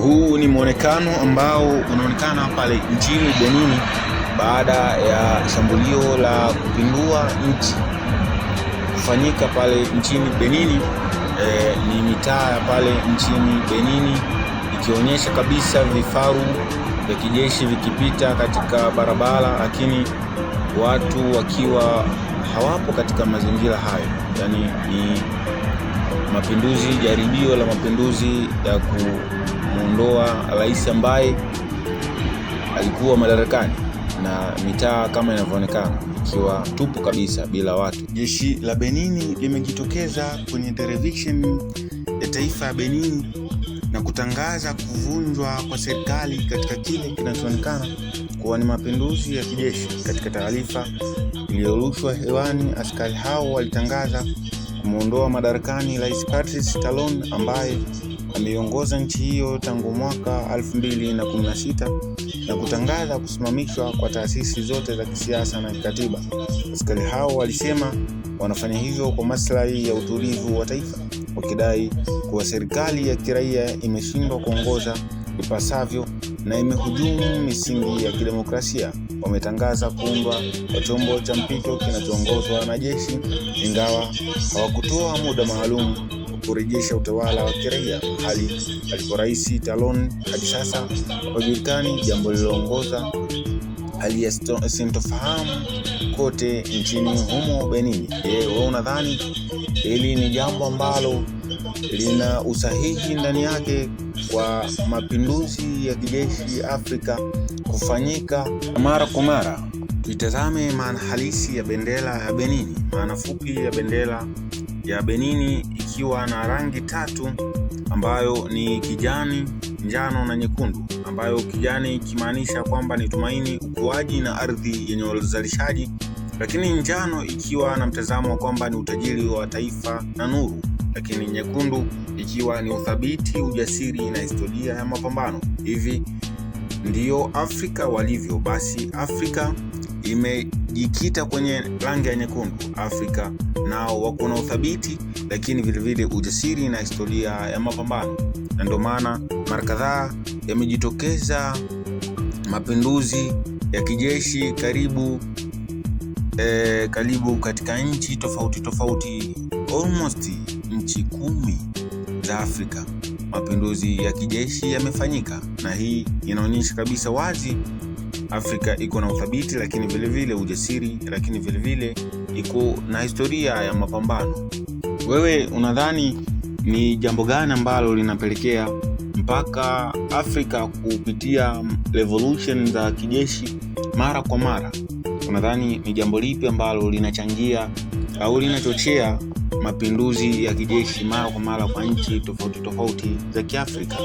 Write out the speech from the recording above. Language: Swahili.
Huu ni mwonekano ambao unaonekana pale nchini Benini baada ya shambulio la kupindua nchi kufanyika pale nchini Benini. E, eh, ni mitaa ya pale nchini Benini ikionyesha kabisa vifaru vya kijeshi vikipita katika barabara, lakini watu wakiwa hawapo katika mazingira hayo, yaani ni mapinduzi, jaribio la mapinduzi ya ku kumwondoa rais ambaye alikuwa madarakani na mitaa kama inavyoonekana ikiwa tupu kabisa bila watu. Jeshi la Benini limejitokeza kwenye televisheni ya taifa ya Benini na kutangaza kuvunjwa kwa serikali katika kile kinachoonekana kuwa ni mapinduzi ya kijeshi. Katika taarifa iliyorushwa hewani, askari hao walitangaza kumwondoa madarakani Rais Patrice Talon ambaye ameiongoza nchi hiyo tangu mwaka 2016 na kutangaza kusimamishwa kwa taasisi zote za kisiasa na kikatiba. Askari hao walisema wanafanya hivyo kwa maslahi ya utulivu wa taifa, wakidai kuwa serikali ya kiraia imeshindwa kuongoza ipasavyo na imehujumu misingi ya kidemokrasia. Wametangaza kuundwa kwa chombo cha mpito kinachoongozwa na jeshi, ingawa hawakutoa muda maalum kurejesha utawala wa kiraia hali rais Talon hadi sasa wajulikani, jambo lililoongoza hali ya sintofahamu kote nchini humo Benini. Je, wewe unadhani hili ni jambo ambalo lina usahihi ndani yake kwa mapinduzi ya kijeshi Afrika kufanyika mara kwa mara? Tuitazame maana halisi ya bendera ya Benini. Maana fupi ya bendera ya Benini ikiwa na rangi tatu ambayo ni kijani, njano na nyekundu, ambayo kijani ikimaanisha kwamba ni tumaini, ukuaji na ardhi yenye uzalishaji, lakini njano ikiwa na mtazamo wa kwamba ni utajiri wa taifa na nuru, lakini nyekundu ikiwa ni uthabiti, ujasiri na historia ya mapambano. Hivi ndiyo Afrika walivyo. Basi Afrika imejikita kwenye rangi ya nyekundu. Afrika nao wako na uthabiti lakini vilevile ujasiri na historia ya mapambano, na ndio maana mara kadhaa yamejitokeza mapinduzi ya kijeshi karibu eh, karibu katika nchi tofauti tofauti, almost nchi kumi za Afrika mapinduzi ya kijeshi yamefanyika, na hii inaonyesha kabisa wazi Afrika iko na uthabiti, lakini vilevile ujasiri, lakini vilevile iko na historia ya mapambano. Wewe unadhani ni jambo gani ambalo linapelekea mpaka Afrika kupitia revolution za kijeshi mara kwa mara? Unadhani ni jambo lipi ambalo linachangia au linachochea mapinduzi ya kijeshi mara kwa mara kwa nchi tofauti tofauti za Kiafrika?